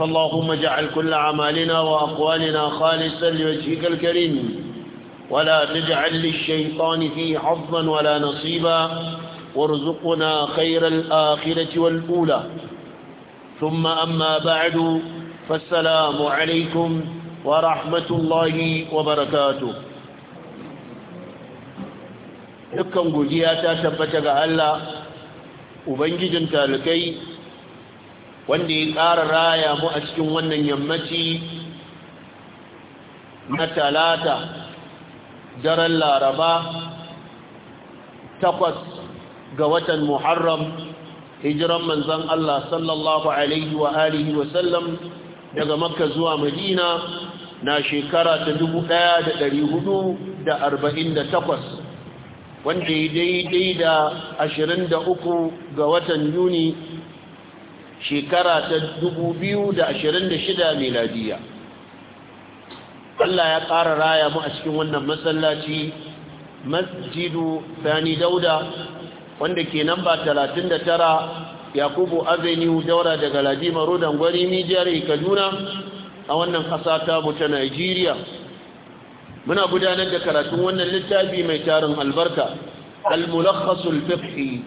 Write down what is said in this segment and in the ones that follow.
فاللهم اجعل كل عمالنا وأقوالنا خالصا لوجهك الكريم ولا تجعل للشيطان فيه حظا ولا نصيبا وارزقنا خير الآخرة والأولى ثم أما بعد فالسلام عليكم ورحمة الله وبركاته لكم godiya ta tabbata ga تالكي wanda ya ƙara raya mu a cikin wannan yammaci na talata daren laraba takwas ga watan muharram hijiran manzan Allah sallallahu alaihi wa alihi wa sallam daga makka zuwa madina na shekara ta takwas, wanda ya daidai da uku ga watan yuni shekara ta 2026 miladiya Allah ya ƙara raya mu a cikin wannan masallaci masjidu sani dauda wanda ke namba 39 yakubu avenue daura daga ladima rodan gwari mijiyar kaduna a wannan ƙasa ta ta nigeria muna gudanar da karatun wannan littafi mai tarin albarka al-mulakhasul fiqhi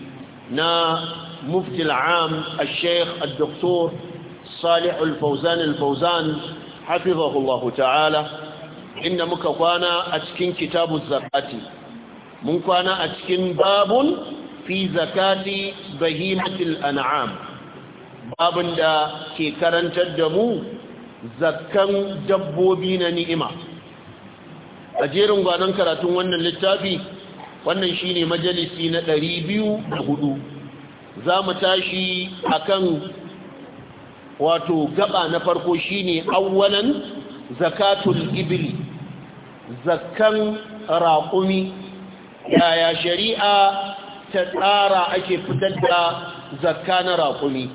na مفتي العام الشيخ الدكتور صالح الفوزان الفوزان حفظه الله تعالى إن مكوانا أتكين كتاب الزكاة مكوانا أتكين باب في زكاة بهيمة الأنعام باب دا كي كرنت الدمو زكا دبوبين نئمة أجيرون قانان كراتون وانا للتابي وانا شيني مجلسين أريبيو بهدو za mu tashi a kan wato gaba na farko shi shine awwalan zakatul ibili zakan raƙumi yaya shari'a ta tsara ake fitar da zakka na raƙumi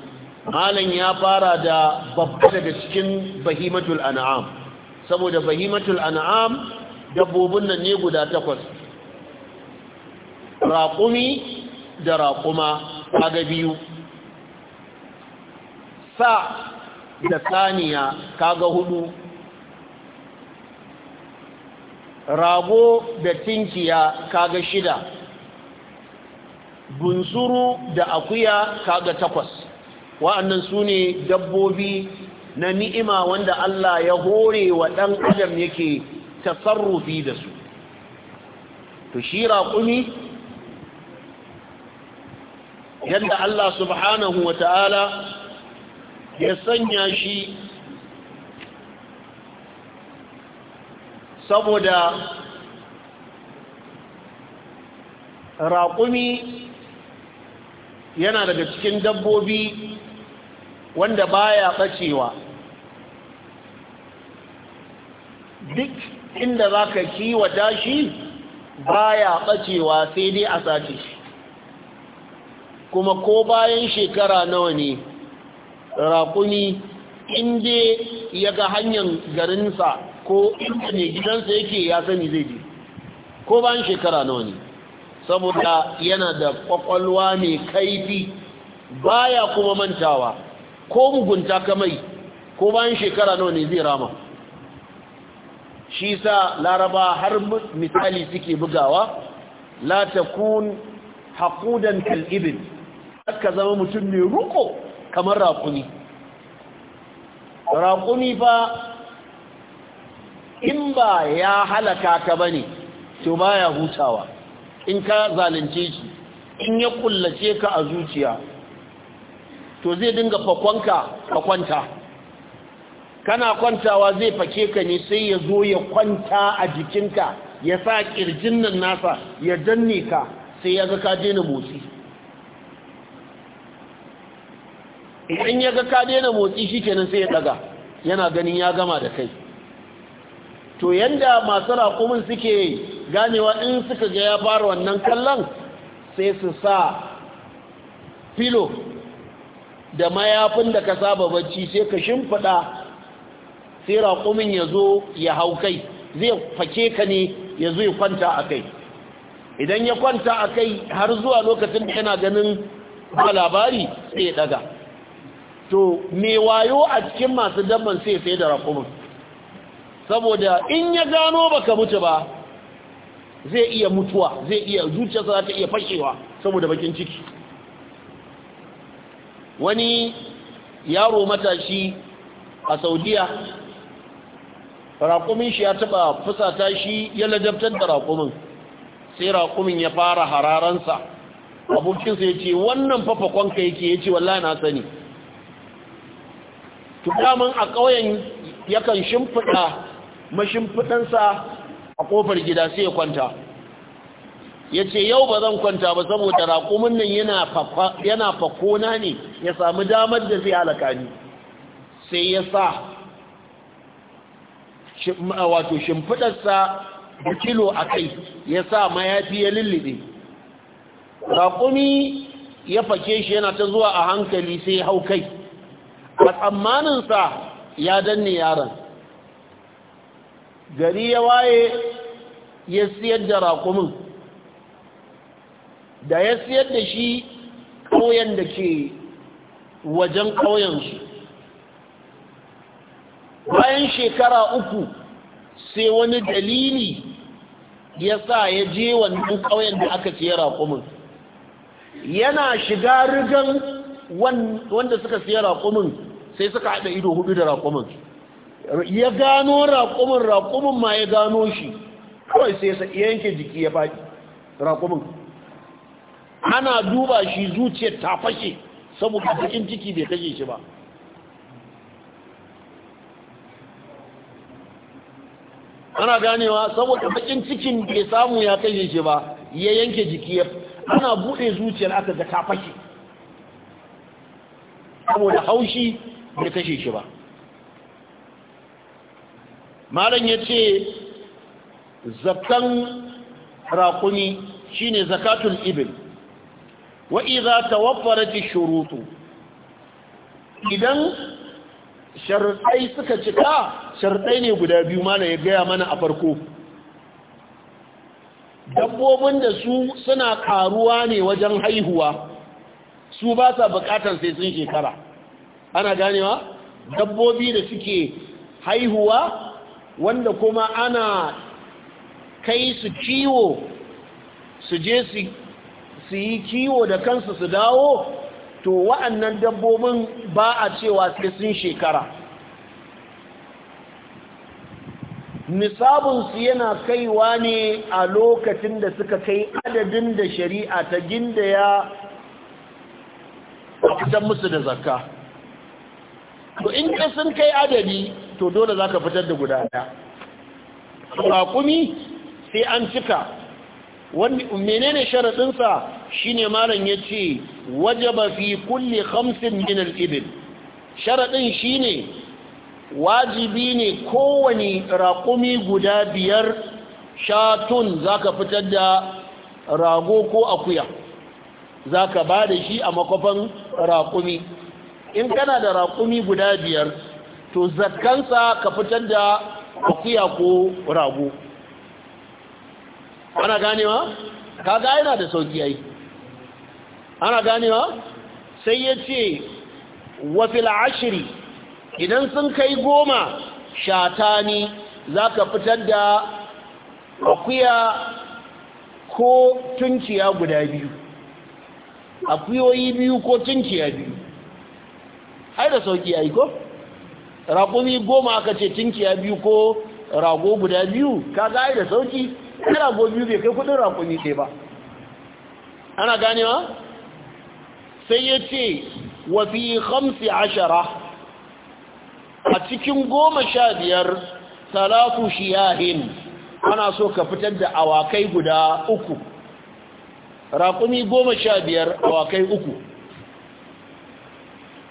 malam ya fara da babba daga cikin bahimatul an'am saboda bahimatul an'am dabbobin nan ne guda takwas raƙumi da raƙuma kaga biyu sa da saniya kaga hudu rago da tinkiya kaga shida bunsuru da akuya kaga takwas wa'annan su ne dabbobi na ni'ima wanda Allah ya hore wa ɗan adam yake tasarrufi da su to shi raƙumi yadda Allah subhanahu wa ta'ala ya sanya shi saboda raƙumi yana daga cikin dabbobi wanda baya ɓacewa duk inda za ka kiwata shi baya ɓacewa sai dai a sace shi kuma ko bayan shekara nawa ne raƙuni inda ya ga hanyar garinsa ko inda ne gidansa yake ya sani zai je ko bayan shekara nawa ne saboda yana da ƙwaƙwalwa mai kaifi baya kuma mantawa ko mugunta kamai ko bayan shekara nawa ne zai rama shi sa laraba har misali suke bugawa la ta kun haƙudan kalibin ka zama mutum mai ruko kamar raƙuni raƙuni fa in ba ya halaka ka ba ne to ba ya hutawa in ka zalunce shi in ya kullace ka a zuciya to zai dinga fakonka ka kwanta kana kwantawa zai fake ka ne sai ya zo ya kwanta a jikinka ya sa ƙirjin nan nasa ya danne ka sai ya ga ka daina motsi idan ya ga ka daina motsi shi kenan sai ya daga yana ganin ya gama da kai to yanda masu raƙumin suke ganewa in suka ga ya fara wannan kallon sai su sa filo da mayafin da ka saba bacci sai ka shimfiɗa sai raƙumin ya zo ya hau kai zai fake ka ne ya zo ya kwanta a kai idan ya kwanta a kai har zuwa lokacin da yana ganin ba labari sai ya ɗaga to me wayo a cikin masu dabban sai sai da raƙumin saboda in ya gano baka mutu ba zai iya mutuwa zai iya zuciyarsa za ta iya fashewa saboda bakin ciki wani yaro matashi a saudiya raƙumin shi ya taɓa fusata shi ya ladabtar da raƙumin sai raƙumin ya fara hararansa abokinsa ya ce wannan fafakon ka yake ya ce wallahi na sani to daman a ƙauyen yakan shimfiɗa mashimfiɗansa a ƙofar gida sai ya kwanta ya ce yau ba zan kwanta ba saboda raƙumin nan yana fakona ne ya sami damar da zai halaka ni sai ya sa wato shimfiɗarsa da kilo a kai ya sa mayafi ya lullube raƙumi ya fake shi yana ta zuwa a hankali sai hau kai tsammanin tsammaninsa ya danne yaron gari ya waye ya siyar da rakumin da ya siyar da shi ƙauyen da ke wajen ƙauyensu bayan shekara uku sai wani dalili ya sa ya je wannan ƙauyen da aka siya rakumin yana shiga rigan wanda suka siya raƙumin sai suka haɗa ido hudu da raƙumin ya gano raƙumin raƙumin ma ya gano shi kawai sai ya yanke jiki ya faɗi raƙumin ana duba shi zuciyar ta fashe saboda cikin ciki bai kashe shi ba ana ganewa saboda bakin cikin bai samu ya kashe shi ba ya yanke jiki ana buɗe zuciyar aka ga ta fashe saboda haushi bai kashe shi ba malam ya ce zakan rakuni shine zakatun ibil wa idza tawaffarat shurutu idan sharɗai suka cika sharɗai ne guda biyu mana ya gaya mana a farko dabbobin da su suna karuwa ne wajen haihuwa su ba sa bukatar sai sun shekara ana ganewa dabbobi da suke haihuwa wanda kuma ana kai su kiwo su je su yi kiwo da kansu su dawo to wa'annan dabbobin ba a cewa sai sun shekara nisabinsu yana kaiwa ne a lokacin da suka kai adadin da shari'a ta gindaya a fitan musu da zakka to in ka sun kai adadi to dole za ka fitar da guda ɗaya raƙumi sai an cika menene sharaɗinsa shi ne malam ya ce waje ba fi kulle hamsin minal ibin sharaɗin shi ne wajibi ne kowane raƙumi guda biyar shatun za ka fitar da rago ko akuya za ka ba da shi a makwafan raƙumi in kana da raƙumi guda biyar to zakkansa ka fitar da akuya ko rago ana ganewa kaga yana da sauki ai ana ganewa sai ya ce wafil ashiri idan sun kai goma shatani za ka fitar da akuya ko tunciya guda biyu akuyoyi biyu ko tunciya biyu ai da sauki ai ko raƙumi goma aka ce tinkiya biyu ko rago guda biyu ka ga ai da sauki rago biyu bai kai kudin raƙumi ce ba ana ganewa sai ya ce wa fi khamsi ashara a cikin goma sha biyar talatu shiyahin ana so ka fitar da awakai guda uku raƙumi goma sha biyar awakai uku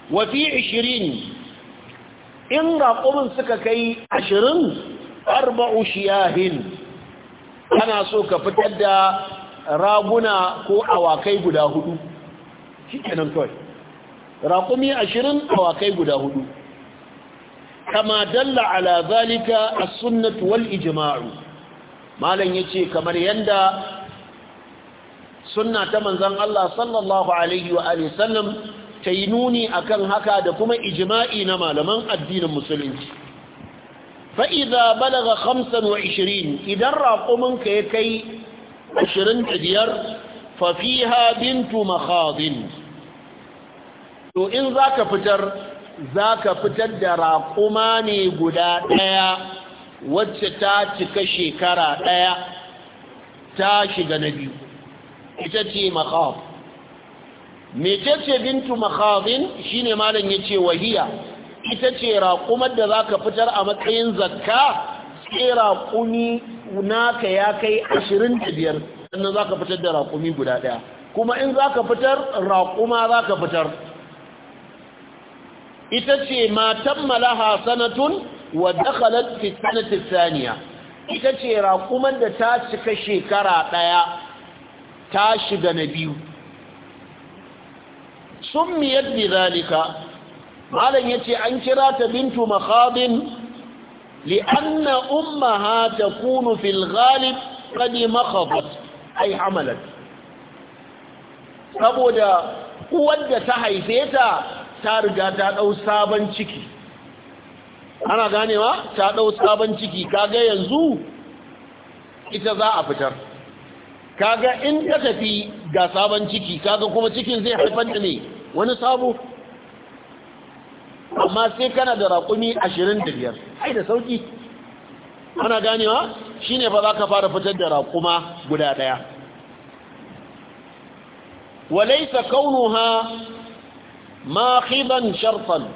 wafi ishirin in raƙumin suka kai ashirin arba'u shiyahin ana so ka fitar da raguna ko awakai guda hudu shi kenan kawai raƙumi ashirin awakai guda hudu kama dalla ala zalika a sunnatu wal ijma'u malam ce kamar yadda suna ta manzon Allah sallallahu alaihi wa alihi sallam ta yi nuni akan haka da kuma ijima'i na malaman addinin musulunci fa'iza balaga ishirin idan raƙuminka ya kai fafi fafiha bintu haɗin to in za ka fitar za ka fitar da raƙuma ne guda ɗaya wacce ta cika shekara ɗaya ta shiga na biyu ita ce makhadin mecece bintu makhazin shine malam yace wahiya ita ce raƙumar da zaka fitar a matsayin zakka sai raƙumi naka ya kai 25 sannan zaka fitar da raƙumi guda daya kuma in zaka fitar raƙuma zaka fitar ita ce ma tammalaha sanatun wa dakhalat fi sanati thaniya ita ce raƙumar da ta cika shekara daya ta shiga na biyu summiyat bi zalika malam yace an kira ta bintu makhadin لأن أمها تكون في الغالب قد مخضت أي حملت saboda uwar da ta haife ta ta riga ta dau sabon ciki ana ganewa ta dau sabon ciki kaga yanzu ita za a fitar kaga in ta tafi ga sabon ciki kaga kuma cikin zai haifar da ne wani sabo amma sai kana da raƙumi ashirin da biyar ai da sauƙi ana ganewa shi ne ba za ka fara fitar da raƙuma guda ɗaya walaisa kaunuha ma khiban sharfan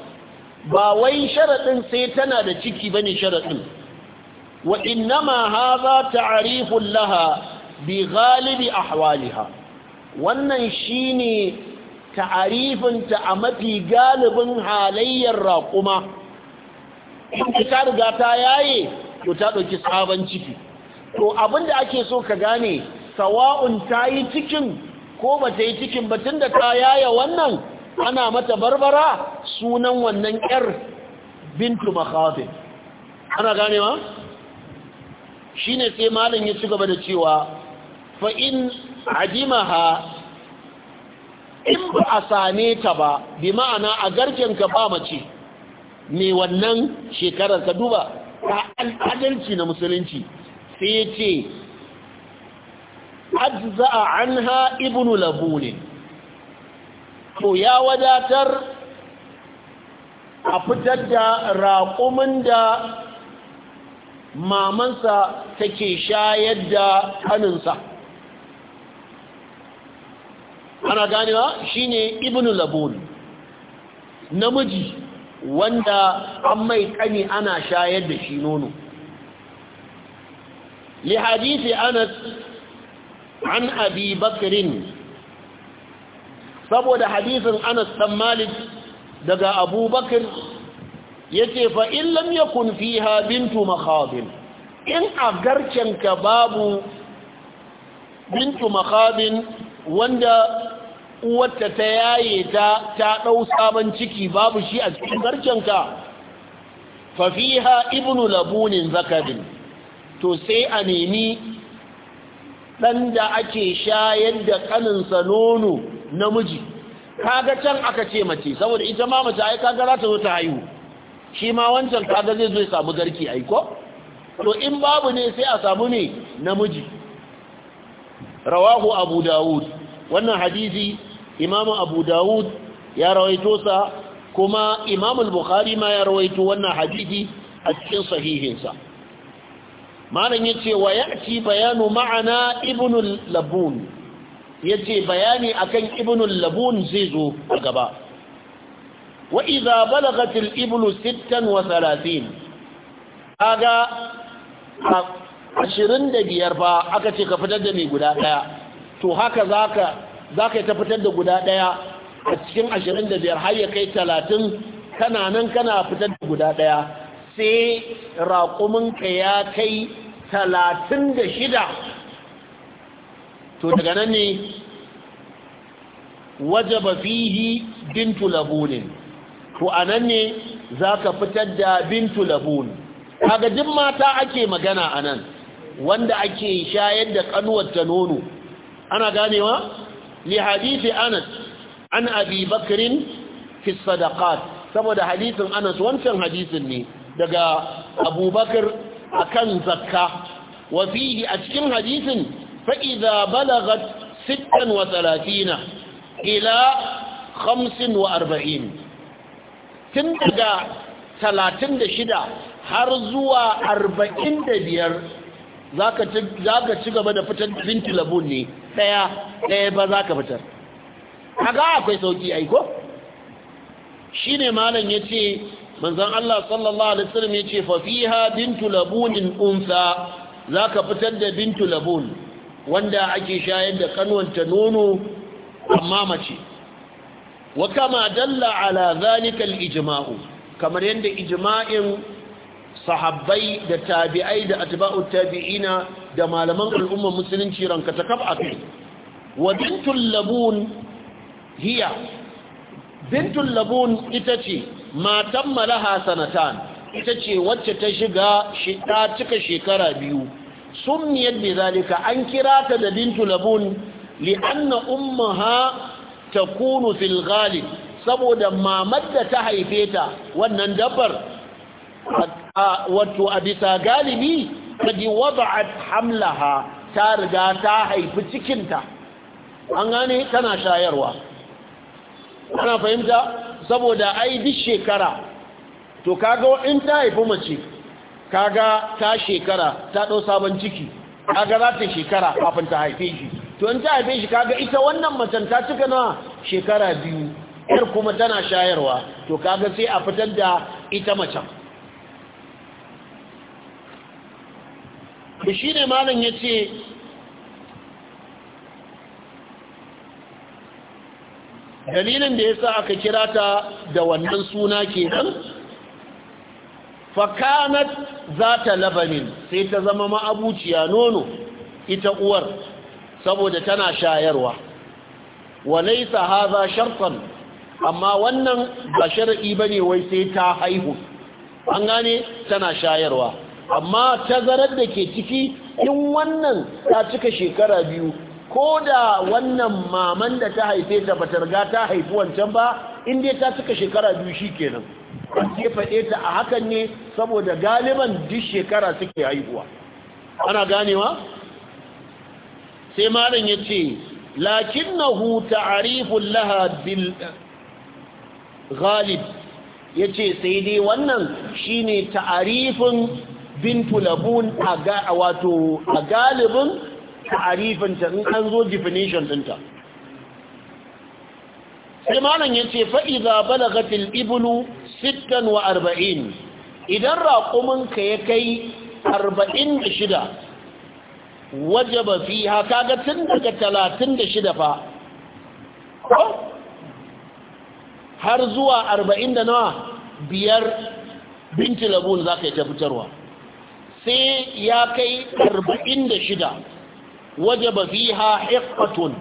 ba wai sharaɗin sai tana da ciki ba ne sharaɗin wa innama haza ta'arifun laha bi galibi ahwaliha wannan shine ta'arifinta a mafi galibin halayyar raƙuma in ta riga ta yaye to ta ɗauki sabon ciki to da ake so ka gane sawa'un ta yi cikin ko ba ta yi cikin ba da ta yaye wannan ana mata barbara sunan wannan 'yar bintu makhafin ana gane Shi ne sai malam ya ci gaba da cewa fa'in in in ba a same ta ba bi ma'ana a garkenka ba mace ne wannan shekarar ka duba ta al'adarci na musulunci sai ce an anha ibnu ne. to ya wadatar a fitar da raƙumin da mamansa take shayar da kaninsa ana ganewa shine ibnu labun namiji wanda an mai kani ana shayar da shi nono li hadisi anas an abi bakrin saboda hadisin anas dan malik daga abubakar yace fa in lam yakun fiha bintu makhadin in agarkenka babu bintu makhadin wanda uwarta ta yaye ta ta ɗau sabon ciki babu shi a cikin garkenka fafiha ibnu labunin zakarin to sai a nemi ɗan da ake shayar da ƙaninsa nono namiji kaga can aka ce mace saboda ita ma mace ai kaga za ta zo ta haihu shi ma wancan kaga zai zo ya samu garki ai ko to in babu ne sai a samu ne namiji rawahu abu dawud wannan hadisi imam abu dawud ya rawaito sa kuma imam al-bukhari ma ya rawaito wannan hadisi a cikin sahihinsa malam yace wa ya'ti bayanu ma'ana ibn al-labun yace bayani akan ibn al-labun zai zo gaba wa idza balagat al-iblu 36 da 25 ba aka ce ka fitar da mai guda daya to haka zaka za ka yi ta fitar da guda ɗaya a cikin ashirin da biyar har ya kai talatin kana nan kana fitar da guda ɗaya sai raƙuminka ya kai talatin da shida to daga nan ne waje ba fihi bintu labunin to a nan ne za ka fitar da bintu Labunin? kaga duk mata ake magana a nan wanda ake shayar da kanuwar ta nono ana ganewa li hadisi anas an abi bakrin fi saboda hadisin anas wancan hadisin ne daga abubakar akan zakka wa a cikin hadisin fa idza balagat 36 ila 45 tun daga 36 har zuwa 45 zaka ci gaba da fitar binti labun ne ɗaya ɗaya ba za ka fitar a ga akwai sauki aiko shi ne malam ya ce manzan Allah sallallahu alaihi wasallam ya ce fafiha bintu labunin umsa, za ka fitar da bintu labun wanda ake shayar da kanwanta nono amma mace wa kama dalla ala zalika al-ijma'u kamar yadda ijma'in sahabbai da tabi'ai da atba'u tabi'ina da malaman al'ummar musulunci ranka ta kafa kai wa bintul labun hiya bintul labun ita ce matan malaha sanatan ita ce wacce ta shiga ta cika shekara biyu sunniyar da zalika an kira ta da bintul labun li'anna ummaha takunu fil ghalib saboda mamar da ta haife ta wannan dabbar wato a bisa galibi kadi wada'at hamlaha ta riga ta haifi cikinta an gane tana shayarwa ana fahimta saboda ai duk shekara to kaga in ta haifi mace kaga ta shekara ta ɗau sabon ciki kaga za ta shekara kafin ta haife shi to in ta haife shi kaga ita wannan macen ta cika na shekara biyu yar kuma tana shayarwa to kaga sai a fitar da ita macen da shi ne malam ya ce dalilin da ya sa aka kira ta da wannan suna kenan fakanat za ta labanin sai ta zama ma'abuciya nono ita uwar saboda tana shayarwa walaisa haza sharfan amma wannan ba shar'i bane wai sai ta haihu an gane tana shayarwa amma ta tazarar da ke ciki in wannan ta cika shekara biyu ko da wannan maman da ta haife ta ba ta haifi wancan ba in ta cika shekara biyu shi kenan ke faɗe ta a hakan ne saboda galiban duk shekara suke haihuwa ana ganewa sai malam ya ce huta a rifin lahadin galib ya ce sai dai wannan shine ta'arifin bintu labun a wato a galibin ta'arifinta in an zo definition ɗinta sai malam ya ce fa'iza balagatil ibulu sittan wa arba'in idan raƙuminka ya kai arba'in da shida wajaba fi haka ga tun daga talatin da shida fa har zuwa arba'in da nawa biyar binti labun za ka yi ta fitarwa sai ya kai arba'in da shida wajaba fiha hiqqatun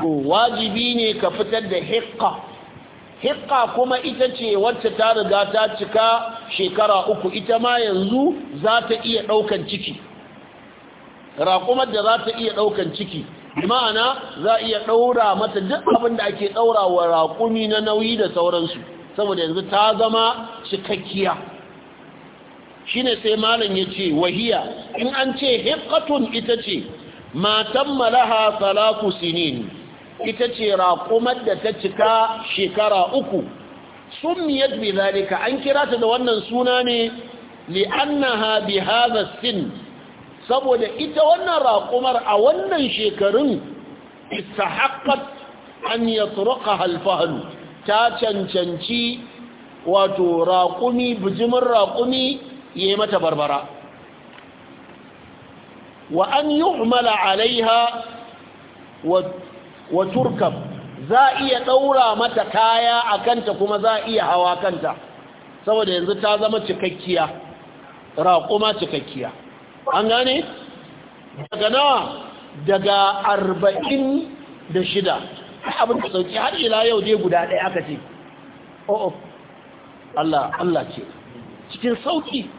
to wajibi ne ka fitar da hiqqa Hikka kuma ita ce wacce ta riga ta cika shekara uku ita ma yanzu za ta iya ɗaukan ciki raƙumar da za ta iya ɗaukan ciki ma'ana za iya ɗaura mata duk abinda ake ɗaura wa raƙumi na nauyi da sauransu saboda yanzu ta zama cikakkiya shine sai malam ya ce wahiya in an ce hifqatun ita ce matan malaha salatu sinin ita ce raƙumar da ta cika shekara uku summiyat bi zalika an kira ta da wannan suna ne li'annaha bi hadha sin saboda ita wannan raƙumar a wannan shekarun istahaqqat an yatruqaha al-fahl ta cancanci wato raƙumi bijimin raƙumi yi mata barbara wa an yi umala alaiha wa turkab za a iya ɗaura mata kaya a kanta kuma za a iya hawa kanta saboda yanzu ta zama cikakkiya raƙuma cikakkiya an gane? daga nawa daga arba'in da shida abin da sauki har ila yau dai guda ɗaya aka ce o'o Allah Allah ce cikin sauki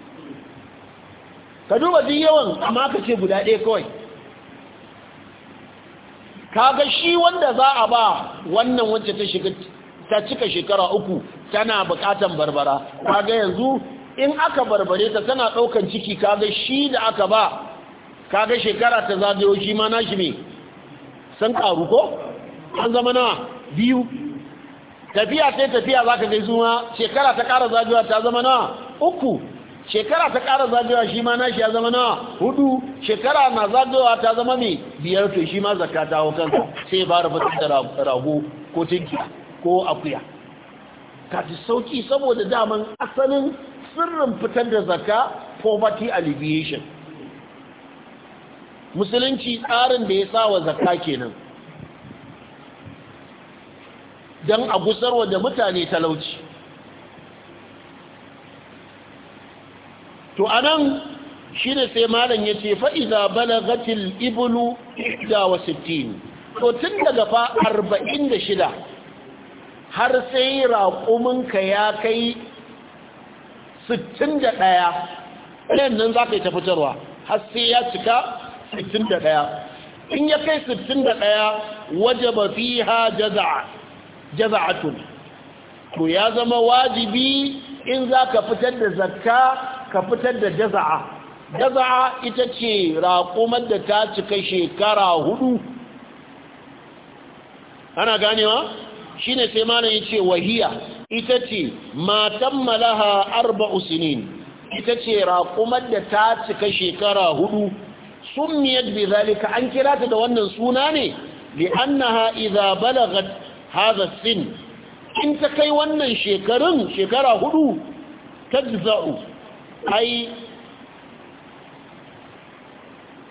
ka duba duk yawan amma ka ce guda ɗaya kawai kaga shi wanda za a ba wannan wacce ta shiga ta cika shekara uku tana bukatan barbara kaga yanzu in aka barbare ta tana ɗaukan ciki kaga shi da aka ba kaga shekara ta zagayo shi ma shi me sun karu ko an zama nawa biyu tafiya sai tafiya za ka gaisu zuwa shekara ta kara zagayowa ta zama nawa uku shekara ta ƙara zagawa shi ma nashi ya zama nawa hudu shekara na zagawa ta zama mai biyar to shi ma zakka ta hau kanka sai ba rufe fitar rago ko tinki ko akuya ka ci sauki saboda daman asalin sirrin fitar da zakka poverty alleviation musulunci tsarin da ya sa wa zakka kenan don a gusarwa da mutane talauci to anan shine sai malam yace fa idza balagatil iblu 61 to tun daga fa shida. har sai raƙuminka ya kai sittin da ɗaya. ɗayan nan za ka yi ta fitarwa har sai ya cika sittin da ɗaya. in ya kai sittin da ɗaya, 61 wajaba fiha jaza'a jaza'atun to ya zama wajibi in za ka fitar da zakka ka fitar da jaza'a jaza'a ita ce raƙumar da ta cika shekara hudu ana ganewa shi ne sai mana ya ce wahiya ita ce matan malaha arba usinin ita ce raƙumar da ta cika shekara hudu sun miyar bi zalika an kira ta da wannan suna ne li'annaha iza balagat hadha sin in ta kai wannan shekarun shekara hudu tajza'u ai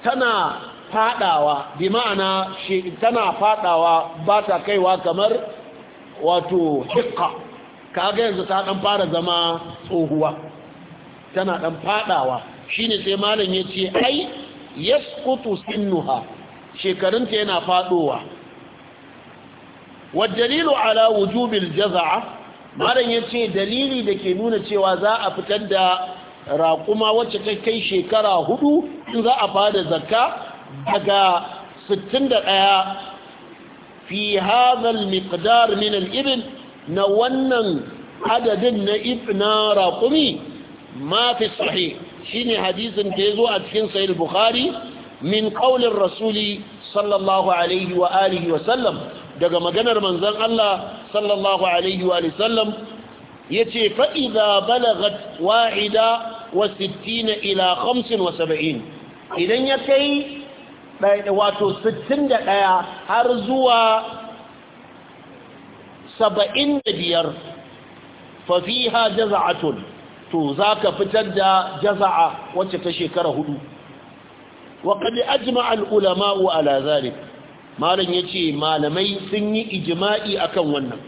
tana fadawa bi ma'ana tana fadawa ba ta kaiwa kamar wato hikka kaga yanzu ta dan fara zama tsohuwa tana dan fadawa shine sai malam yace ai yasqutu sinnuha shekarunta yana fadowa wadalilu ala wujubil jaz'a malam yace dalili dake nuna cewa za a fitar da raƙuma wacce ta kai shekara hudu in za a fada zakka daga 61 fi hazal miqdar min al-ibil na wannan adadin na ibna raƙumi ma fi sahih shine hadisin da yazo a cikin sahih bukhari min qaulir rasuli sallallahu alaihi wa alihi wa sallam daga maganar manzon Allah sallallahu alaihi wa sallam yace fa idza balagat wa'ida وستين wa saba'in idan ya kai wato ɗaya har zuwa 75 fafiha jaza'atun to zaka fitar da jaza'a wacce ta shekara hudu wa qad ajma'a al-ulama'u ala ya ce yace malamai sun yi ijima'i akan wannan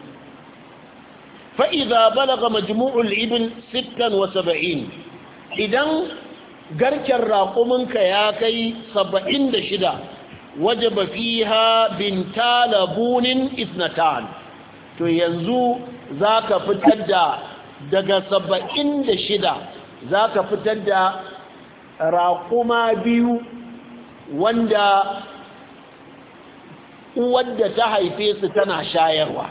fa'iza balaga majmu'ul ibin 76 idan garken raƙuminka ya kai saba'in da shida waje fi ha binta labunin isnatan to yanzu za ka fitar da daga saba'in da shida za ka fitar da raƙuma biyu wanda wadda ta haife su tana shayarwa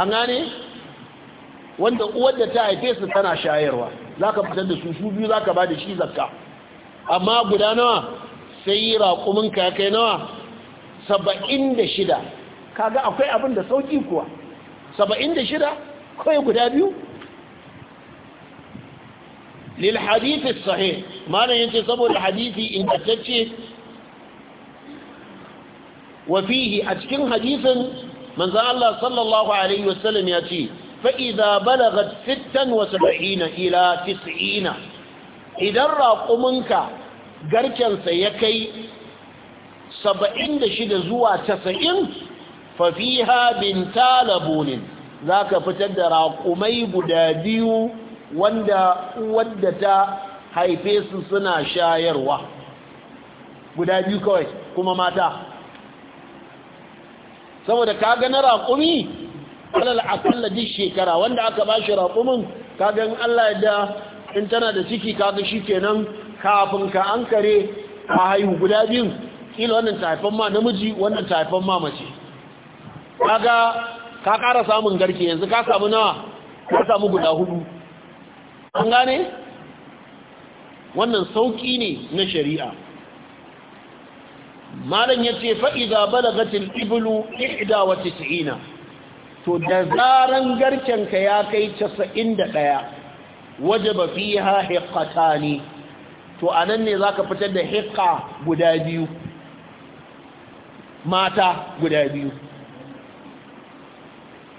an gane wanda uwar da ta haife su tana shayarwa za ka fitar da su biyu za ka ba da shi zakka amma guda nawa sai raƙuminka ya kai nawa saba'in da shida kaga akwai abin da sauƙi kuwa saba'in da shida kawai guda biyu lil hadithi sahih malam ce saboda hadithi ingantacce ce wafihi. a cikin hadisin manzon Allah sallallahu alaihi wasallam ya ce fa'iza balagat fitan wasu ba'ina ila tis'ina idan raƙuminka garkensa ya kai saba'in da shida zuwa casa'in, fafiha bin talabunin za ka fitar da raƙumai guda biyu wanda ta haife su suna shayarwa guda biyu kawai kuma mata saboda ka gana raƙumi alal akalla duk shekara wanda aka ba shi raƙumin kaga in Allah ya da in tana da ciki kaga shi kenan kafin ka an kare a haihu guda biyun kila wannan ta haifan ma namiji wannan ta haifan ma mace kaga ka ƙara samun garke yanzu ka samu nawa ka samu guda hudu an gane wannan sauƙi ne na shari'a malam yace fa idza balagatil iblu tis'ina to da zaran garkenka ya kai casa'in da ɗaya waje ba fi ha hikata ne to a nan ne za ka fitar da hikka guda biyu mata guda biyu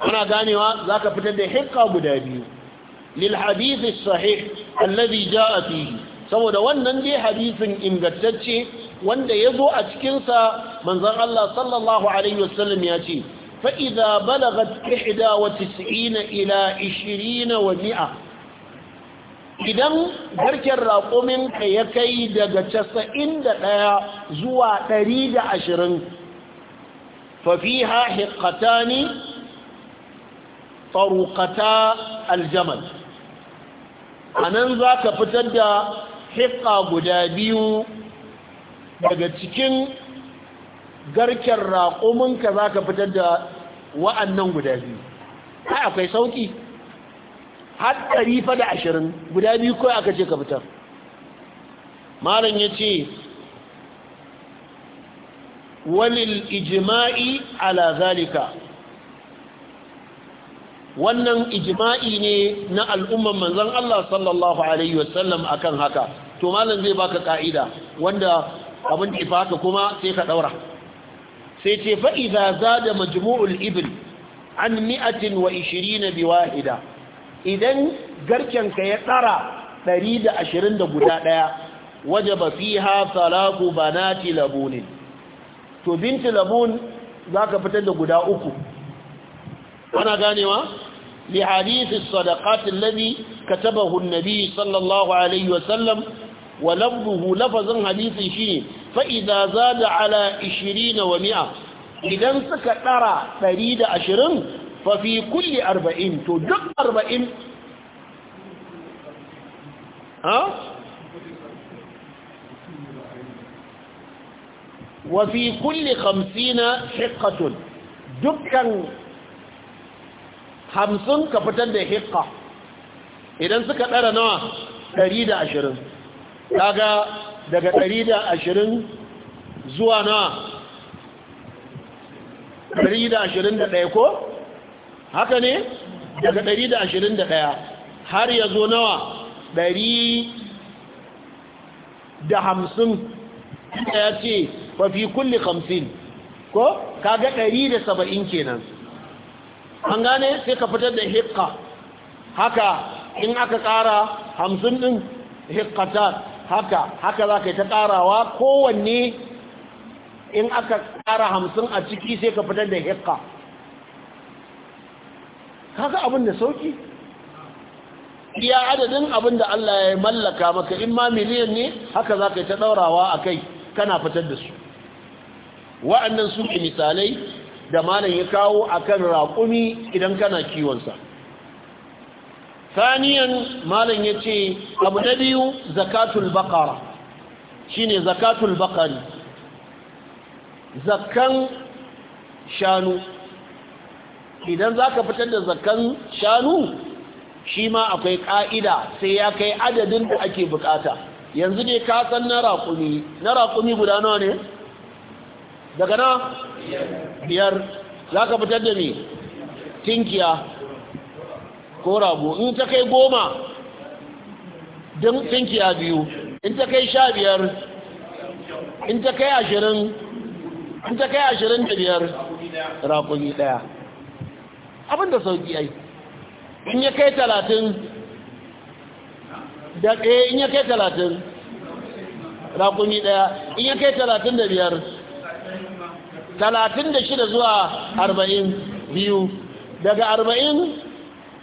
ana ganewa za ka fitar da hikka guda biyu lil hadithi sahih allazi ja'a fihi saboda wannan dai hadisin ingantacce wanda ya zo a cikinsa manzon Allah sallallahu alaihi wasallam ya ce فإذا بلغت إحدى وتسعين إلى عشرين ومئة idan garken raƙuminka ya kai daga casa'in da ɗaya zuwa ɗari da ashirin fafiha hikata ne tsarukata aljamal a nan za ka fitar da hiƙa guda biyu daga cikin garken raƙuminka za ka fitar da wa'annan guda biyu ai akwai sauƙi. har ɗari fa da ashirin guda biyu kawai aka ce ka fitar malam ya ce walil ijima'i ala zalika wannan ijima'i ne na al'umman manzan Allah sallallahu Alaihi wasallam akan haka to malam zai baka ka'ida wanda abin ifa haka kuma sai ka ɗaura sai ce fa'iza za da majmu'ul ibil an mi'atin wa ishirina bi wahida idan garkenka ya tsara ɗari da ashirin da guda ɗaya waje ba fi ha salaku ba na tilabunin to bin tilabun za ka fitar da guda uku ana ganewa li hadithin sadakatun labi ka taba hunnabi sallallahu alaihi wasallam wa lafazin hadithin shi ne فإذا زاد على عشرين ومئة إذا سكترى تريد عشرين ففي كل أربعين تدق أربعين ها وفي كل خمسين حقة دكا خمسون كفتن ده حقة إذا سكترى نوع تريد عشرين kaga daga 120 zuwa na 121 ko haka ne daga 121 har ya zo nawa 150 ya ce ba kulle 50 ko kaga 170 kenan an gane sai ka fitar da hikka haka in aka ƙara hamsin ɗin hikkatar haka haka za ka yi ta ƙarawa kowanne in aka ƙara hamsin a ciki sai ka fitar da hekka haka abin da sauki iya adadin abin da Allah ya mallaka maka in ma miliyan ne haka za ka yi ta ɗaurawa a kai kana fitar da su wa'annan su misalai da malam ya kawo a kan raƙumi idan kana kiwonsa saniyan malam ya ce abu na biyu zakatul bakara ne zakatul bakari zakan shanu idan za ka fitar da zakan shanu shi ma akwai ƙa'ida sai ya kai adadin da ake bukata yanzu ne ka san na raƙumi na raƙumi guda nawa ne daga na biyar za ka fitar da ne tinkiya ko rabu in ta kai goma don tsinkiya biyu in ta kai sha biyar in ta kai ashirin in ta kai ashirin da biyar rakuni daya abin da sauki ai in ya kai talatin da ɗaya eh, in ya kai talatin rakuni daya in ya kai talatin da biyar talatin da shida zuwa arba'in biyu daga arba'in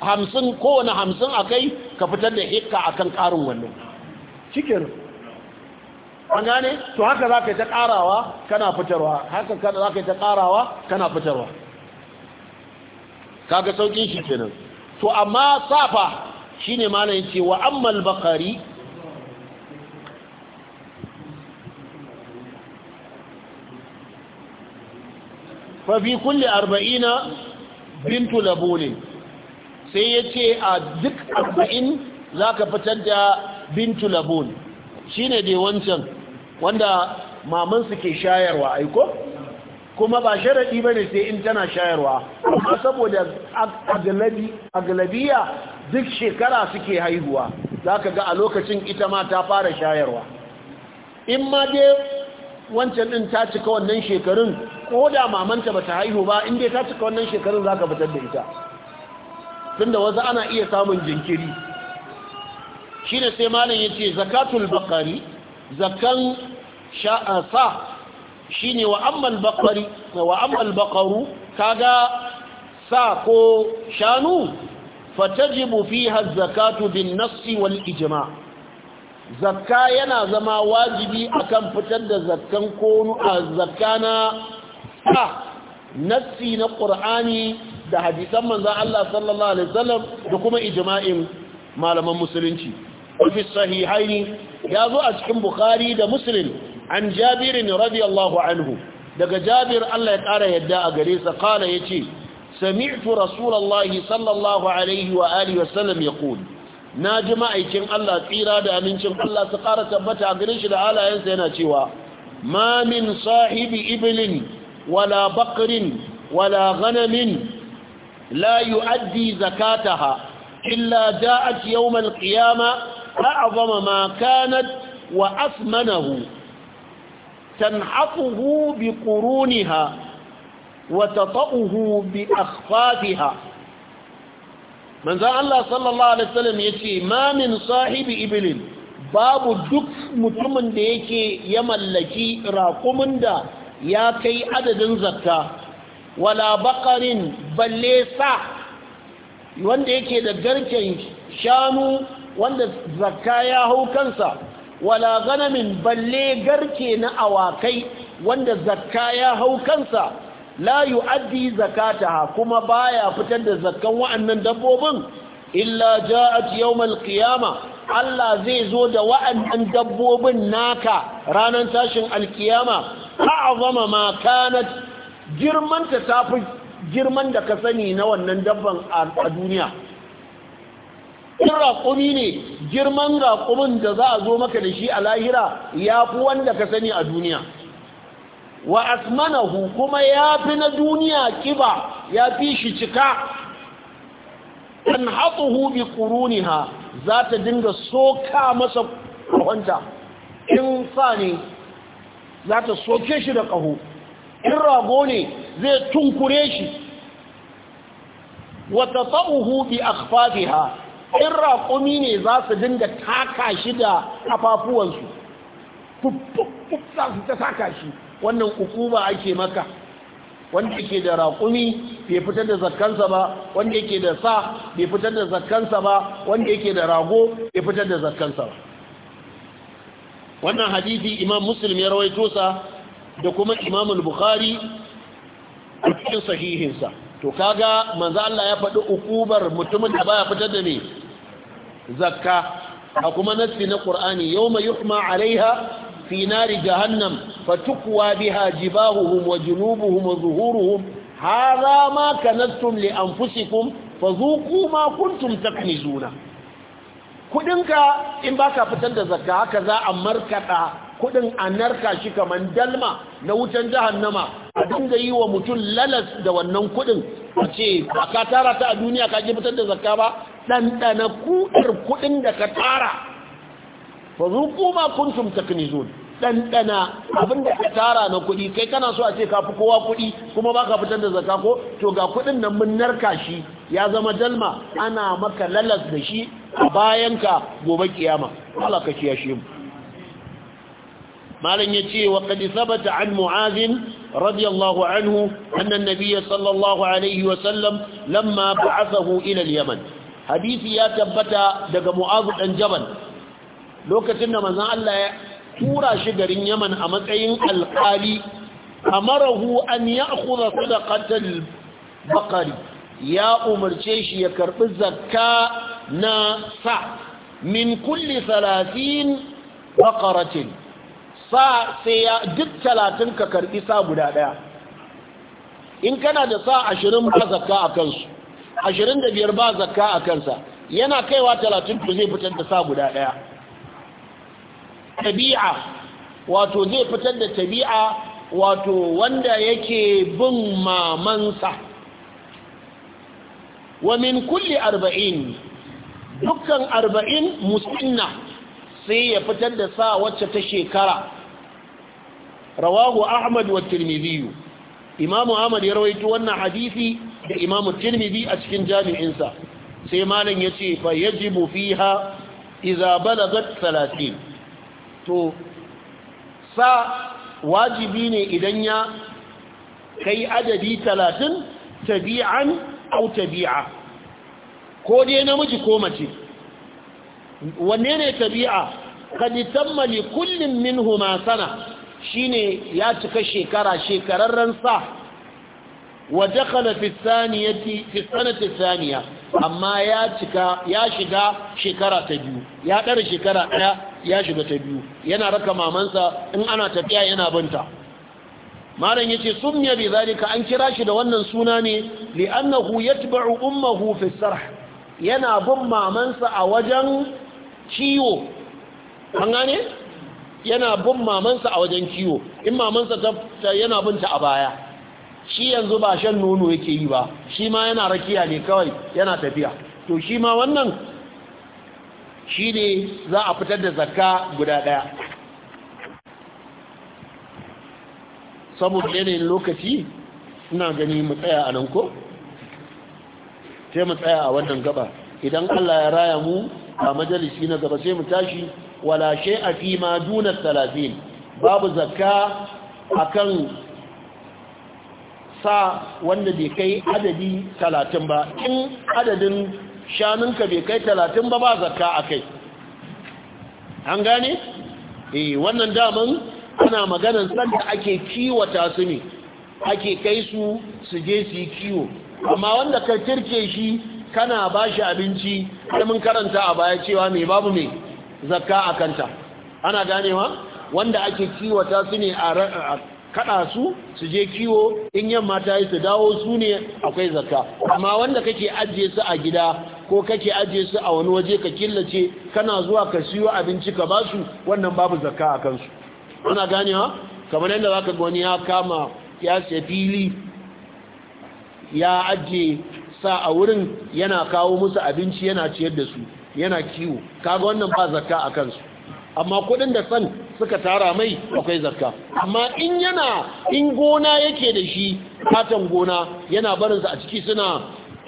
hamsin kowane hamsin a kai ka fitar da hikka a kan ƙarin wannan cikin an gane to haka za ka yi ta ƙarawa kana fitarwa haka za ka yi ta ƙarawa kana fitarwa kaga sauƙin shi kenan to amma safa shi ne malayin yake wa ammal bakari fa fi kulle arba'ina bintu ne. sai ya ce a duk arba'in za ka fitar da bintu labun shi ne dai wancan wanda mamansu ke shayarwa aiko kuma ba sharaɗi ba ne sai in tana shayarwa amma saboda agalabiya duk shekara suke haihuwa za ka ga a lokacin ita ma ta fara shayarwa in ma dai wancan ɗin ta cika wannan shekarun ko da mamanta ba ta haihu ba in dai ta cika wannan shekarun za ka fitar da ita tunda wasu ana iya samun jinkiri shi ne sai malam ya ce zakatul bakari zakan sha'asa shi ne wa'ammal bakaru kaga sa ko shanu fatajibu fiha zakatu bin nassi wal ijima. zakka yana zama wajibi akan fitar da zakkan konu a zakana sa nassi na ƙur'ani. da hadisan manzan Allah sallallahu alaihi wasallam da kuma ijma'in malaman musulunci fi sahihaini ya zo a cikin bukhari da muslim an jabir radiyallahu anhu daga jabir Allah ya ƙara yadda a gare sa ya ce sami'tu rasulallahi sallallahu alaihi wa alihi wasallam yaqul na ji ma'aikin Allah tsira da amincin Allah su ƙara tabbata a ganin shi da halayensa yana cewa ma min sahibi ibilin wala bakrin wala ganamin la yu'addi zakataha illa ja'at yawm al-qiyama a'zama ma kanat wa asmanahu tanhafuhu bi quruniha wa tata'uhu bi akhfafiha manzo Allah sallallahu alaihi wasallam yace ma min sahibi ibilin babu duk mutumin da yake ya mallaki raƙumin da ya kai adadin zakka wala bakarin balle sa wanda yake da garken shanu wanda zakka ya hau kansa wala ganamin balle garke na awakai wanda zakka ya hau kansa la zakata ha kuma baya fitar da zakkan wa'annan dabbobin illa ja'at yawmal qiyama Allah zai zo da wa'annan dabbobin naka ranar tashin alkiyama a'zama ma kanat Girman ta fi girman da ka sani na wannan dabban a duniya in raƙumi ne girman raƙumin da za a zo maka da shi a lahira ya fi wanda ka sani a duniya wa asmanahu kuma ya fi na duniya kiba ya fi shi cika an haɗuhu bi ha. za ta dinga soka masa ƙahonta in sa ne za ta soke shi da ƙaho in rago ne zai tunkure shi wata tsa'uhu bi akhfafiha in raƙumi ne za su dinga taka shi da kafafuwansu fuffuffuf za su ta taka shi wannan hukuma ake maka wanda ke da raƙumi bai fitar da zakkansa ba wanda yake da sa bai fitar da zakkansa ba wanda yake da rago bai fitar da zakkansa ba wannan hadisi imam muslim ya rawaito sa da kuma imam al-bukhari a cikin sahihinsa to kaga manzo Allah ya faɗi ukubar mutumin da baya fitar da ne zakka a kuma nassi na qur'ani yawma yuhma alaiha fi nari jahannam fatukwa biha jibahuhum wa junubuhum wa zuhuruhum hadha ma kanastum li anfusikum fazuqu ma kuntum taknizuna kudinka in baka fitar da zakka haka za a markada kudin a narka shi kamar dalma na wutan jahannama a dinga yi wa mutum lalas da wannan kudin a ce ba ka tara ta a duniya ka fitar da zakka ba ɗanɗana kuɗar kudin da ka tara ba zuku ma kuntum taknizun ɗanɗana abin da ka tara na kuɗi kai kana so a ce ka fi kowa kuɗi kuma ba ka fitar da zakka ko to ga kuɗin nan mun narka shi ya zama dalma ana maka lalas da shi a bayanka gobe kiyama Allah ka kiyashe mu مالن يتي وقد ثبت عن معاذ رضي الله عنه أن النبي صلى الله عليه وسلم لما بعثه إلى اليمن حديث يا تبتا دغ معاذ عن جبل لوكتن ما زال الله تورا شجر يمن أمتعين القالي أمره أن يأخذ صدقة البقر يا أمر أمرشيش يكرب الزكاة ناسع من كل ثلاثين بقرة sa sai ya duk talatin ka karbi sa guda daya in kana da sa ashirin ba zakka a kansu ashirin da biyar ba zakka a kansa yana kaiwa talatin ku zai fitar da sa guda daya tabi'a wato zai fitar da tabi'a wato wanda yake bin mamansa wa min kulli arba'in dukkan arba'in musinna sai ya fitar da sa wacce ta shekara rawahu ahmad wa tirmidhi imamu ahmad ya rawaito wannan hadisi da imamu tirmidhi a cikin jami'insa sai malam yace fa yajibu fiha idza balagat 30 to sa wajibi ne idan ya kai adadi 30 tabi'an au tabi'a ko dai namiji ko mace wanne ne tabi'a kadi tammali kullum min huma sana shine ya cika shekara shekararren sa wa dakhala fi thaniyati fi sanati thaniya amma ya cika ya shiga shekara ta biyu ya dare shekara daya ya shiga ta biyu yana raka mamansa in ana tafiya yana binta malam yace sunya bi zalika an kira shi da wannan suna ne li'annahu yatba'u ummuhu fi sarh yana bin mamansa a wajen Ciwo, an gane yana bin mamansa a wajen ciwo, in mamansa ta yana binta a baya shi yanzu ba shan nono yake yi ba shi ma yana rakiya ne kawai yana tafiya to shi ma wannan shi ne za a fitar da zakka guda daya saboda yanayin lokaci suna gani mu tsaya a nan ko? sai mu tsaya a wannan gaba idan allah ya raya mu a majalisi na gaba sai mu tashi wala a fi ma duna 30 babu zakka akan sa wanda bai kai adadi 30 ba in adadin shanunka bai kai 30 ba ba zakka akai an gane eh wannan daman ana maganan sanda ake kiwata su ne ake kai su su je su yi kiwo amma wanda ka kirke shi kana ba shi abinci da mun karanta a baya cewa mai babu mai zakka a kanta ana ganewa wanda ake kiwata su ne a kada su su je kiwo in yamma ta yi su dawo su ne akwai zakka amma wanda kake ajiye su a gida ko kake ajiye su a wani waje ka killace kana zuwa ka siyo abinci ka ba su wannan babu zakka a kansu ana ganewa kamar yadda za ka gani ya kama ya fili ya ajiye sa a wurin yana kawo musu abinci yana ciyar da su yana kiwo kaga wannan ba zakka a kansu amma kudin da san suka tara mai akwai zakka amma in yana in gona yake da shi fatan gona yana barin su a ciki suna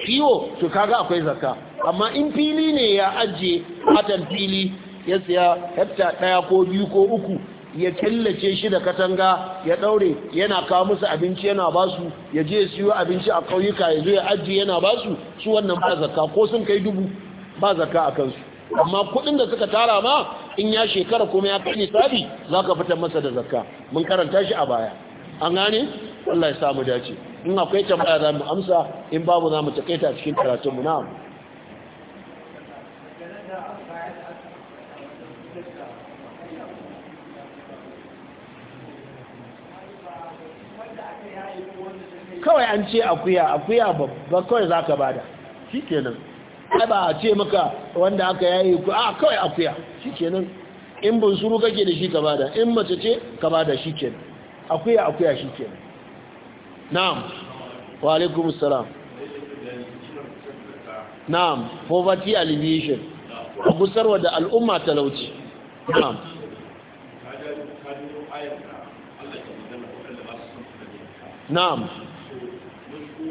kiwo to kaga akwai zakka amma in fili ne ya ajiye fatan fili ya siya hekta ɗaya ko biyu ko uku ya killace shi da katanga ya daure yana kawo musu abinci yana ba su ya je siyo abinci a kauyuka ya zo ya ajiye yana ba su su wannan ba zakka ko sun kai dubu ba zakka a kansu amma kuɗin da suka tara ma in ya shekara kuma ya kai sabi za ka fitar masa da zakka mun karanta shi a baya an gane Allah ya samu dace in akwai tambaya za mu amsa in babu za mu takaita cikin karatunmu na'am kawai an ce akuya akuya ba kawai za ka bada shi kenan ai ba a ce maka wanda aka yayi ku a kawai akuya shi kenan in suru kake da shi ka bada in mace ce ka bada shi kenan akuya akuya shi kenan na'am wa alaikum salam na'am poverty alleviation a gusarwa da al'umma talauci na'am na'am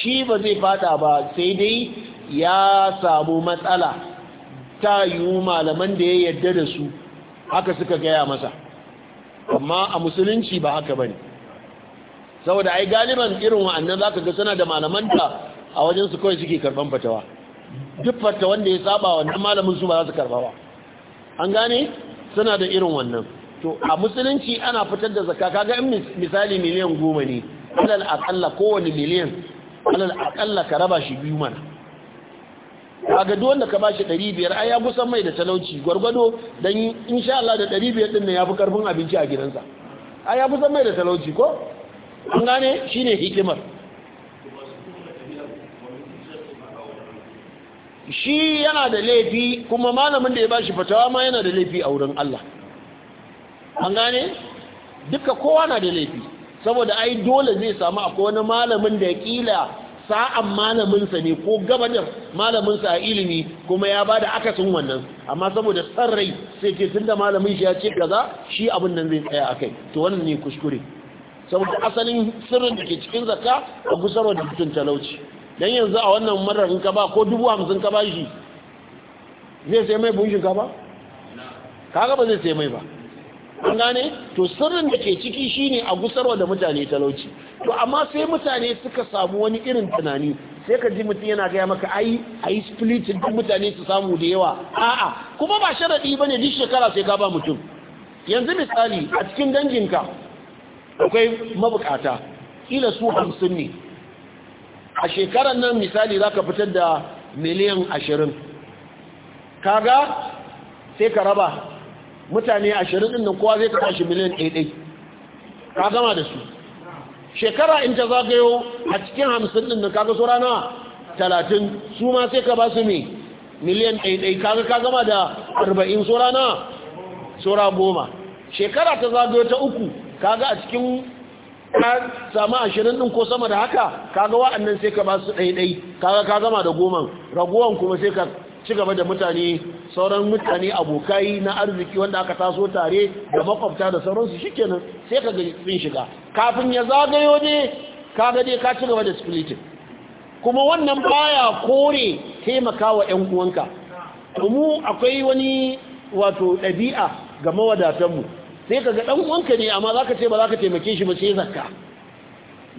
shi ba zai fada ba sai dai ya samu matsala ta yiwu malaman da ya yadda da su haka suka gaya masa amma a musulunci ba haka ba ne. saboda ai galiban irin wa'annan ka ga suna da malaman ta a wajen su kawai suke karban fatawa duk fata wanda ya saba wannan malamin su ba za su karba ba an gane suna da irin wannan to a musulunci ana fitar da zakka kaga in misali miliyan goma ne alal akalla kowane miliyan alal akalla ka raba shi biyu mana kaga duk wanda ka bashi 500 ai ya kusan mai da talauci gwargwado dan insha Allah da 500 din ne yafi karfin abinci a gidansa ai ya kusan mai da talauci ko an gane shine hikimar shi yana da laifi kuma malamin da ya bashi fatawa ma yana da laifi a wurin Allah an gane duka kowa na da laifi saboda ai dole zai samu akwai wani malamin da ya kila sa'an malaminsa ne ko gabanin malaminsa a ilimi kuma ya ba da akasin wannan amma saboda san rai sai ke tun da malamin shi ya ce kaza shi abin nan zai tsaya a kai to wannan ne kuskure saboda asalin sirrin da ke cikin zakka a gusarwa da mutum talauci don yanzu a wannan marar in ka ba ko dubu hamsin ka ba shi zai sai mai bunshin ka ba? kaga ba zai sai mai ba an gane to sirrin da ke ciki shine a gusarwa da mutane talauci to amma sai mutane suka samu wani irin tunani sai ka ji mutum yana gaya maka ai ai split din mutane su samu da yawa a'a kuma ba sharadi bane duk shekara sai ka ba mutum yanzu misali a cikin danginka akwai mabukata kila su hamsin ne a shekarar nan misali za ka fitar da miliyan ashirin kaga sai ka raba mutane ashirin ɗin da kowa zai kafa shi miliyan ɗaiɗai ka gama da su shekara in ta zagayo a cikin hamsin ɗin ka kaga su rana talatin su ma sai ka ba su mai miliyan ɗaiɗai kaga ka gama da arba'in su rana sura goma shekara ta zagayo ta uku kaga a cikin ka samu ashirin ɗin ko sama da haka kaga wa'annan sai ka ba su ɗaiɗai kaga ka gama da goma ragowan kuma sai ka ci gaba da mutane sauran mutane abokai na arziki wanda aka taso tare da makwabta da sauransu kenan sai ka ga sun shiga kafin ya zagayo ne ka ga dai ka ci gaba da splitting kuma wannan baya kore wa 'yan uwanka mu akwai wani wato ɗabi'a ga mawadatanmu sai ka ga ɗan uwanka ne amma zaka ce ba zaka taimake shi ba sai zakka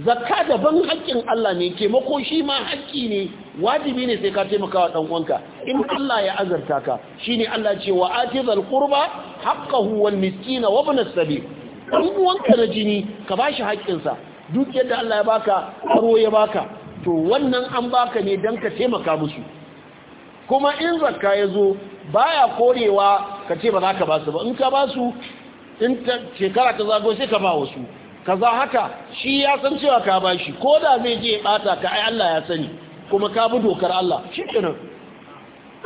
zakka daban haƙƙin Allah ne taimako shi ma haƙƙi ne wajibi ne sai ka taimakawa ɗan uwanka in Allah ya azarta ka shine Allah ce wa atizal qurba haƙƙa huwan miskina wa ibn as-sabil ɗan uwanka na jini ka bashi hakkin sa duk yadda Allah ya baka ƙaro ya baka to wannan an baka ne dan ka taimaka musu kuma in zakka ya zo baya korewa ka ce ba za ka ba su ba in ka ba su in shekara ta zago sai ka ba wasu kaza haka shi ya san cewa ka bashi ko da me je bata ka ai Allah ya sani kuma ka bi dokar Allah shi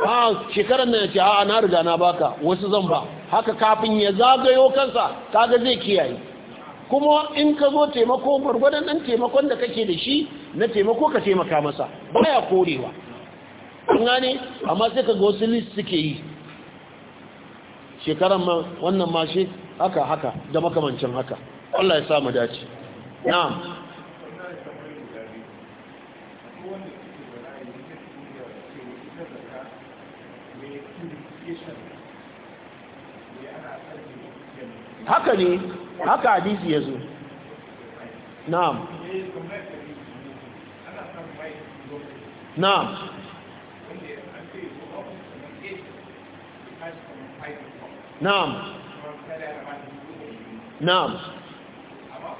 ha shekarar nan ya ce a na riga na baka wasu zan ba haka kafin ya zagayo kansa kaga zai kiyaye kuma in ka zo taimako gwargwadon ɗan taimakon da kake da shi na taimako ka taimaka masa baya korewa kun gane amma sai ka ga wasu list suke yi shekaran ma wannan ma shi haka haka da makamancin haka Allah ya samu dace na'am haka ne haka hadisi ya zo na'am na'am na'am na'am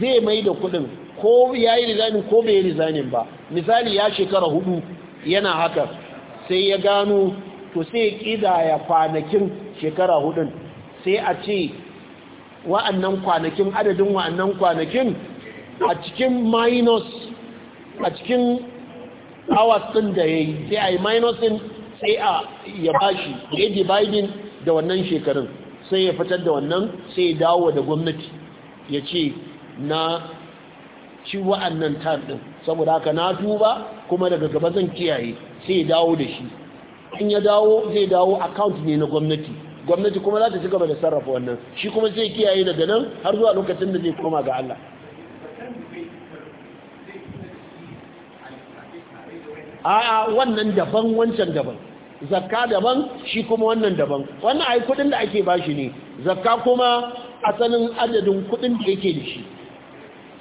zai mai da kudin ko ya yi rizanin ko bai yi rizanin ba misali ya shekara hudu yana haka sai ya gano to sai ya kwanakin shekara hudun sai a ce wa'annan kwanakin adadin wa'annan kwanakin a cikin minus a cikin hours ɗin da ya yi sai a yi minus ɗin sai a ya bashi ya dividing da wannan shekarun sai ya fitar da wannan sai dawo da gwamnati ya ce na ci wa'annan tar ɗin saboda haka na tuba kuma daga gaba zan kiyaye sai ya dawo da shi in ya dawo zai dawo account ne na gwamnati gwamnati kuma za ta ci gaba da sarrafa wannan shi kuma sai kiyaye daga nan har zuwa lokacin da zai koma ga Allah a'a wannan daban wancan daban zakka daban shi kuma wannan daban wannan ai kudin da ake bashi ne zakka kuma asalin adadin kudin da yake da shi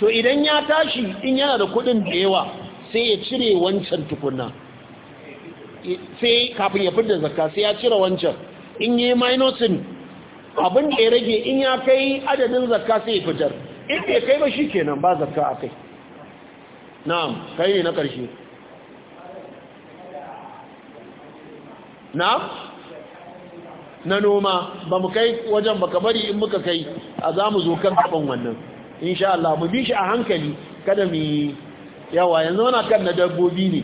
to idan ya tashi in yana da kudin da yawa sai ya cire wancan tukunna sai kafin ya fidda zakka sai ya cire wancan in yi minosin abin da ya rage in ya kai adadin zakka sai ya fitar in ya kai ba shi kenan ba zakka a kai na'am kai ne na ƙarshe na'am na noma ba mu kai wajen ba baka bari in muka kai a za mu zo kan kaban wannan insha Allah mu bi shi a hankali kada mu yawa yanzu wana kan na dabbobi ne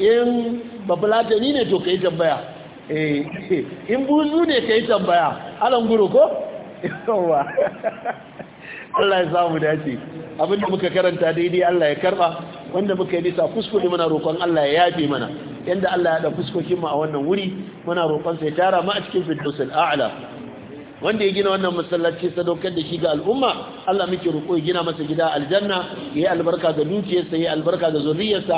in bafulatani ne to kai tambaya eh, in buzu ne kai tambaya alan guru ko yawa Allah ya samu dace abinda muka karanta daidai Allah ya karba wanda muka yi bisa kuskure muna roƙon Allah ya yafe mana yanda Allah ya da kuskokin mu a wannan wuri muna roƙon sai tara mu a cikin firdausul a'la wanda ya gina wannan masallaci sadaukar da shi ga al'umma Allah muke roƙo ya gina masa gida aljanna ya yi albarka ga dukiyarsa ya albarka ga zuriyarsa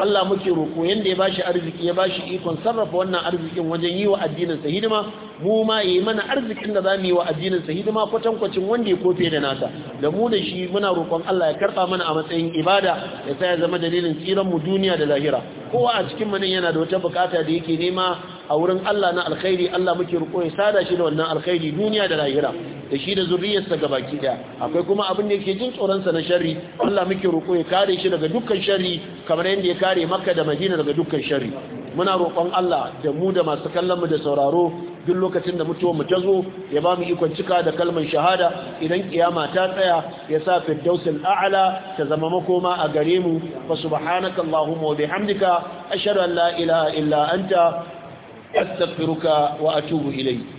Allah muke roƙo yanda ya bashi arziki ya bashi ikon sarrafa wannan arzikin wajen yi wa addininsa hidima mu ma yi mana arzikin da zamu yi wa addinin sa hidima kwatan kwacin wanda ya kofe da nasa da mu da shi muna roƙon Allah ya karba mana a matsayin ibada ya sa ya zama dalilin tsiran mu duniya da lahira kowa a cikin mani yana da wata bukata da yake nema a wurin Allah na alkhairi Allah muke roƙo ya sada shi da wannan alkhairi duniya da lahira da shi da zuriyarsa gabaki daya akwai kuma abin da yake jin tsoron sa na sharri Allah muke roƙo ya kare shi daga dukkan sharri kamar yadda ya kare Makka da Madina daga dukkan sharri muna roƙon Allah da mu da masu kallon mu da sauraro duk lokacin da mutuwar mu ta zo ya ba mu ikon cika da kalmar shahada idan kiyama ta tsaya ya sa firdausul a'la ta zama makoma a gare mu fa subhanaka allahumma wa bihamdika ashhadu an la ilaha illa anta astaghfiruka wa atubu ilayk